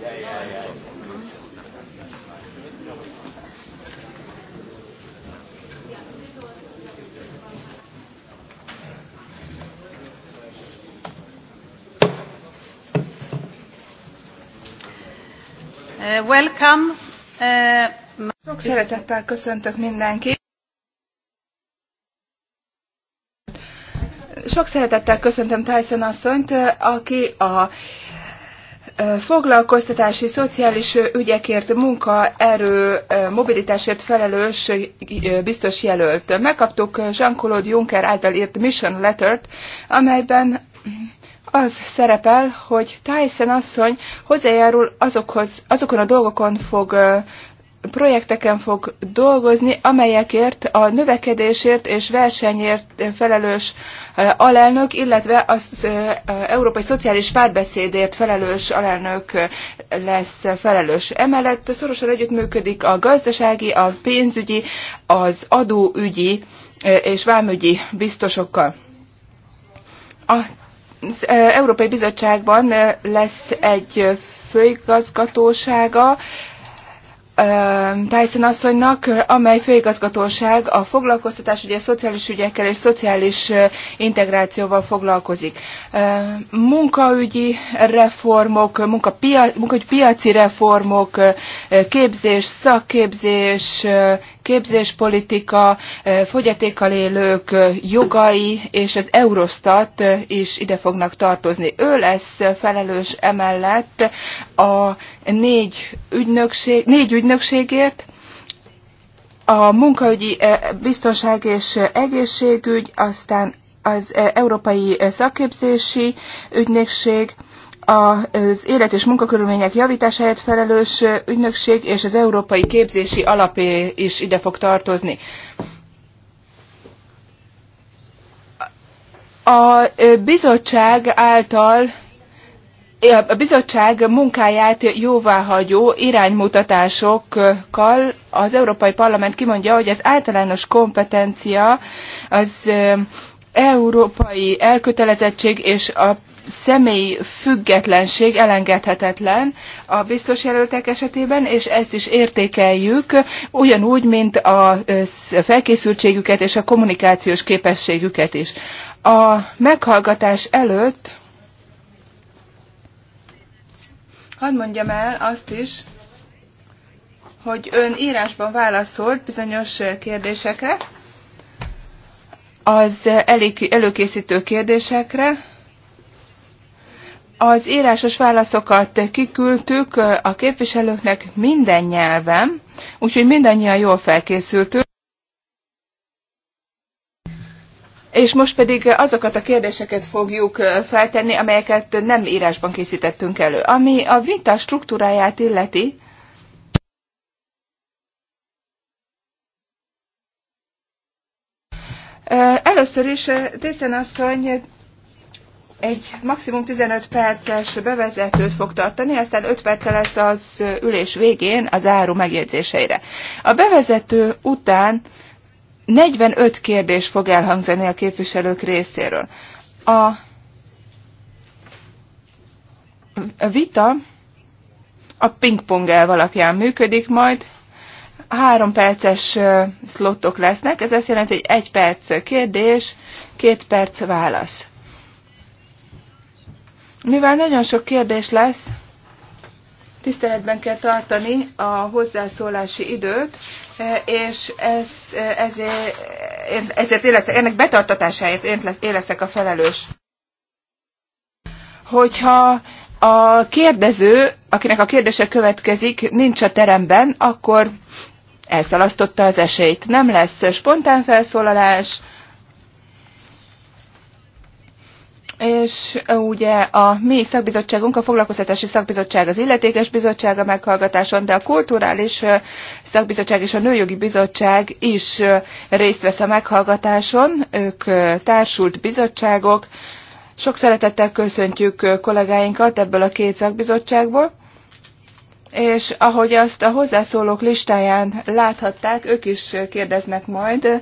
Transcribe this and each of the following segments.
Uh, welcome. Uh, Sok szeretettel köszöntök mindenkit. Sok szeretettel köszöntöm Tyson asszonyt, aki a foglalkoztatási, szociális ügyekért, munkaerő, mobilitásért felelős biztos jelölt. Megkaptuk Jean-Claude Juncker által írt mission lettert, amelyben az szerepel, hogy Tyson asszony hozzájárul azokhoz, azokon a dolgokon fog projekteken fog dolgozni, amelyekért a növekedésért és versenyért felelős alelnök, illetve az Európai Szociális Párbeszédért felelős alelnök lesz felelős. Emellett szorosan együttműködik a gazdasági, a pénzügyi, az adóügyi és vámügyi biztosokkal. Az Európai Bizottságban lesz egy főigazgatósága, Tyson asszonynak, amely főigazgatóság a foglalkoztatás, ugye a szociális ügyekkel és szociális integrációval foglalkozik. Munkaügyi reformok, munkapia, munkaügyi piaci reformok, képzés, szakképzés, képzéspolitika, fogyatékkal élők jogai és az Eurostat is ide fognak tartozni. Ő lesz felelős emellett a négy, ügynökség, négy ügynökségért, a munkaügyi biztonság és egészségügy, aztán az Európai Szakképzési Ügynökség, az élet és munkakörülmények javításáért felelős ügynökség és az Európai Képzési Alapé is ide fog tartozni. A bizottság által a bizottság munkáját jóváhagyó iránymutatásokkal az Európai Parlament kimondja, hogy az általános kompetencia az európai elkötelezettség és a személyi függetlenség elengedhetetlen a biztos jelöltek esetében, és ezt is értékeljük, ugyanúgy, mint a felkészültségüket és a kommunikációs képességüket is. A meghallgatás előtt hadd mondjam el azt is, hogy ön írásban válaszolt bizonyos kérdésekre, az előkészítő kérdésekre, az írásos válaszokat kiküldtük a képviselőknek minden nyelven, úgyhogy mindannyian jól felkészültünk. És most pedig azokat a kérdéseket fogjuk feltenni, amelyeket nem írásban készítettünk elő. Ami a vita struktúráját illeti, Először is Tészen asszony egy maximum 15 perces bevezetőt fog tartani, aztán 5 perc lesz az ülés végén az áru megjegyzéseire. A bevezető után 45 kérdés fog elhangzani a képviselők részéről. A vita a pingpong elv alapján működik majd, három perces szlottok lesznek, ez azt jelenti, hogy egy perc kérdés, két perc válasz. Mivel nagyon sok kérdés lesz, tiszteletben kell tartani a hozzászólási időt, e, és ez, e, ezért, ezért éleszek, ennek betartatásáért én, én leszek a felelős. Hogyha a kérdező, akinek a kérdése következik, nincs a teremben, akkor elszalasztotta az esélyt. Nem lesz spontán felszólalás, és ugye a mi szakbizottságunk, a foglalkoztatási szakbizottság az illetékes bizottság a meghallgatáson, de a kulturális szakbizottság és a nőjogi bizottság is részt vesz a meghallgatáson, ők társult bizottságok. Sok szeretettel köszöntjük kollégáinkat ebből a két szakbizottságból. És ahogy azt a hozzászólók listáján láthatták, ők is kérdeznek majd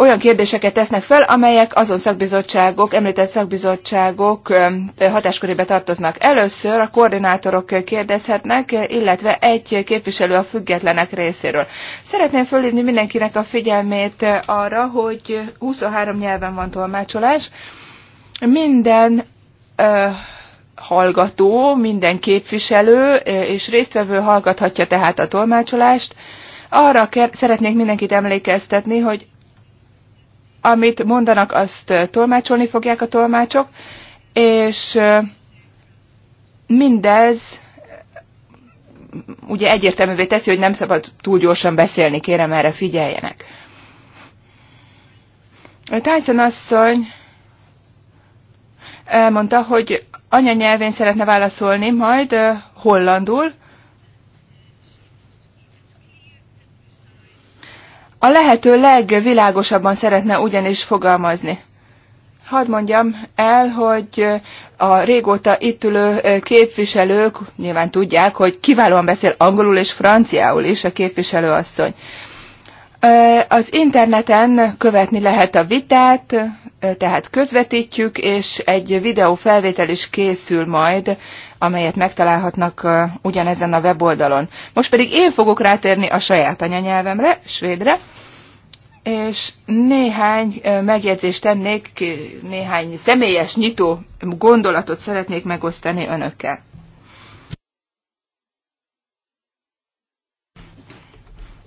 olyan kérdéseket tesznek fel, amelyek azon szakbizottságok, említett szakbizottságok hatáskörébe tartoznak. Először a koordinátorok kérdezhetnek, illetve egy képviselő a függetlenek részéről. Szeretném fölhívni mindenkinek a figyelmét arra, hogy 23 nyelven van tolmácsolás. Minden hallgató, minden képviselő és résztvevő hallgathatja tehát a tolmácsolást. Arra szeretnék mindenkit emlékeztetni, hogy amit mondanak, azt tolmácsolni fogják a tolmácsok, és mindez ugye egyértelművé teszi, hogy nem szabad túl gyorsan beszélni, kérem erre figyeljenek. Tyson asszony elmondta, hogy anyanyelvén szeretne válaszolni majd hollandul, A lehető legvilágosabban szeretne ugyanis fogalmazni. Hadd mondjam el, hogy a régóta itt ülő képviselők nyilván tudják, hogy kiválóan beszél angolul és franciául is a képviselőasszony. Az interneten követni lehet a vitát, tehát közvetítjük, és egy videó felvétel is készül majd amelyet megtalálhatnak ugyanezen a weboldalon. Most pedig én fogok rátérni a saját anyanyelvemre, svédre, és néhány megjegyzést tennék, néhány személyes nyitó gondolatot szeretnék megosztani önökkel.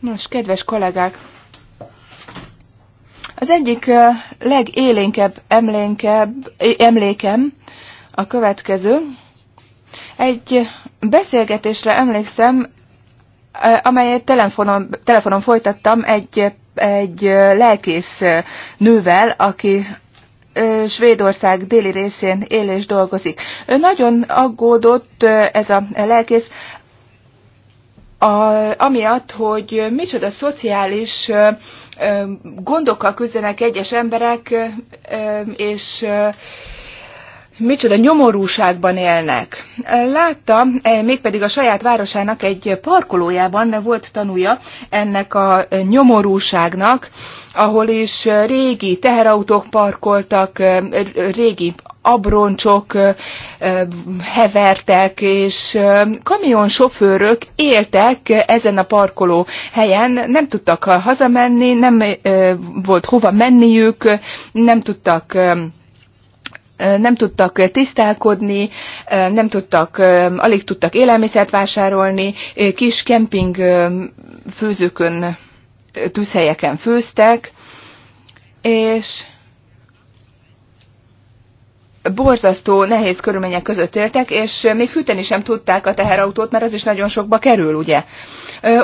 Nos, kedves kollégák! Az egyik legélénkebb emlékem a következő. Egy beszélgetésre emlékszem, amelyet telefonon, telefonon folytattam egy, egy lelkész nővel, aki Svédország déli részén él és dolgozik. Ő nagyon aggódott ez a lelkész, a, amiatt, hogy micsoda szociális gondokkal küzdenek egyes emberek, és micsoda nyomorúságban élnek. Látta, eh, mégpedig a saját városának egy parkolójában volt tanúja ennek a nyomorúságnak, ahol is régi teherautók parkoltak, eh, régi abroncsok eh, hevertek, és kamionsofőrök éltek ezen a parkoló helyen, nem tudtak hazamenni, nem volt hova menniük, nem tudtak nem tudtak tisztálkodni, nem tudtak, alig tudtak élelmiszert vásárolni, kis kemping főzőkön, tűzhelyeken főztek, és borzasztó nehéz körülmények között éltek, és még fűteni sem tudták a teherautót, mert az is nagyon sokba kerül, ugye.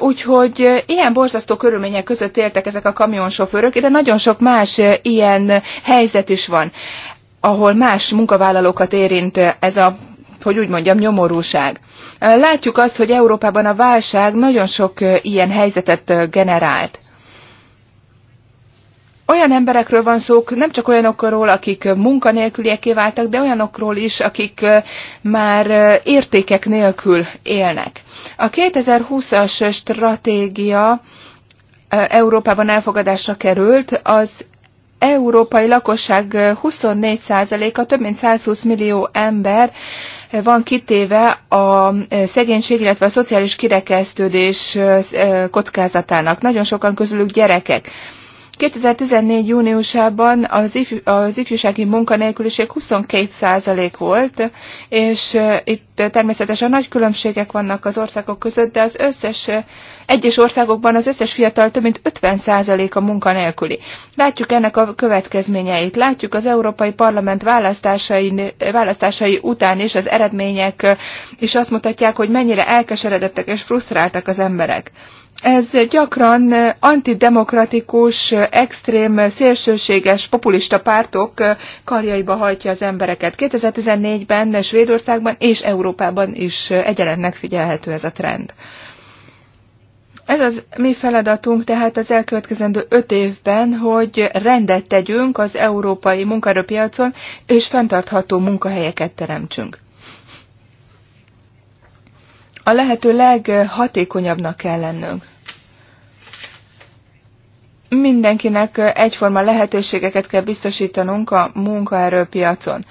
Úgyhogy ilyen borzasztó körülmények között éltek ezek a kamionsofőrök, de nagyon sok más ilyen helyzet is van ahol más munkavállalókat érint ez a, hogy úgy mondjam, nyomorúság. Látjuk azt, hogy Európában a válság nagyon sok ilyen helyzetet generált. Olyan emberekről van szó, nem csak olyanokról, akik munkanélkülieké váltak, de olyanokról is, akik már értékek nélkül élnek. A 2020-as stratégia Európában elfogadásra került, az európai lakosság 24%-a, több mint 120 millió ember van kitéve a szegénység, illetve a szociális kirekesztődés kockázatának. Nagyon sokan közülük gyerekek. 2014. júniusában az, ifj, az ifjúsági munkanélküliség 22% volt, és itt természetesen nagy különbségek vannak az országok között, de az összes egyes országokban az összes fiatal több mint 50% a munkanélküli. Látjuk ennek a következményeit. Látjuk az Európai Parlament választásai, választásai után is az eredmények és azt mutatják, hogy mennyire elkeseredettek és frusztráltak az emberek ez gyakran antidemokratikus, extrém, szélsőséges, populista pártok karjaiba hajtja az embereket. 2014-ben Svédországban és Európában is egyaránt figyelhető ez a trend. Ez az mi feladatunk tehát az elkövetkezendő öt évben, hogy rendet tegyünk az európai munkaerőpiacon, és fenntartható munkahelyeket teremtsünk a lehető leghatékonyabbnak kell lennünk. Mindenkinek egyforma lehetőségeket kell biztosítanunk a munkaerőpiacon.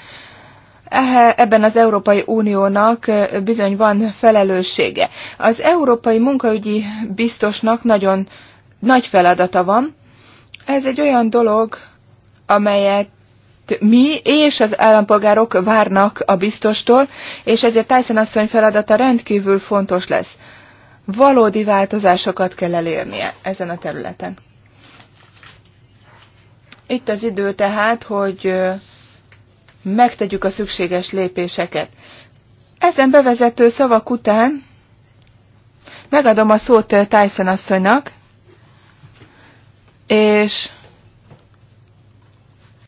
Ebben az Európai Uniónak bizony van felelőssége. Az Európai Munkaügyi Biztosnak nagyon nagy feladata van. Ez egy olyan dolog, amelyet mi és az állampolgárok várnak a biztostól, és ezért Tyson asszony feladata rendkívül fontos lesz. Valódi változásokat kell elérnie ezen a területen. Itt az idő tehát, hogy megtegyük a szükséges lépéseket. Ezen bevezető szavak után megadom a szót Tyson asszonynak, és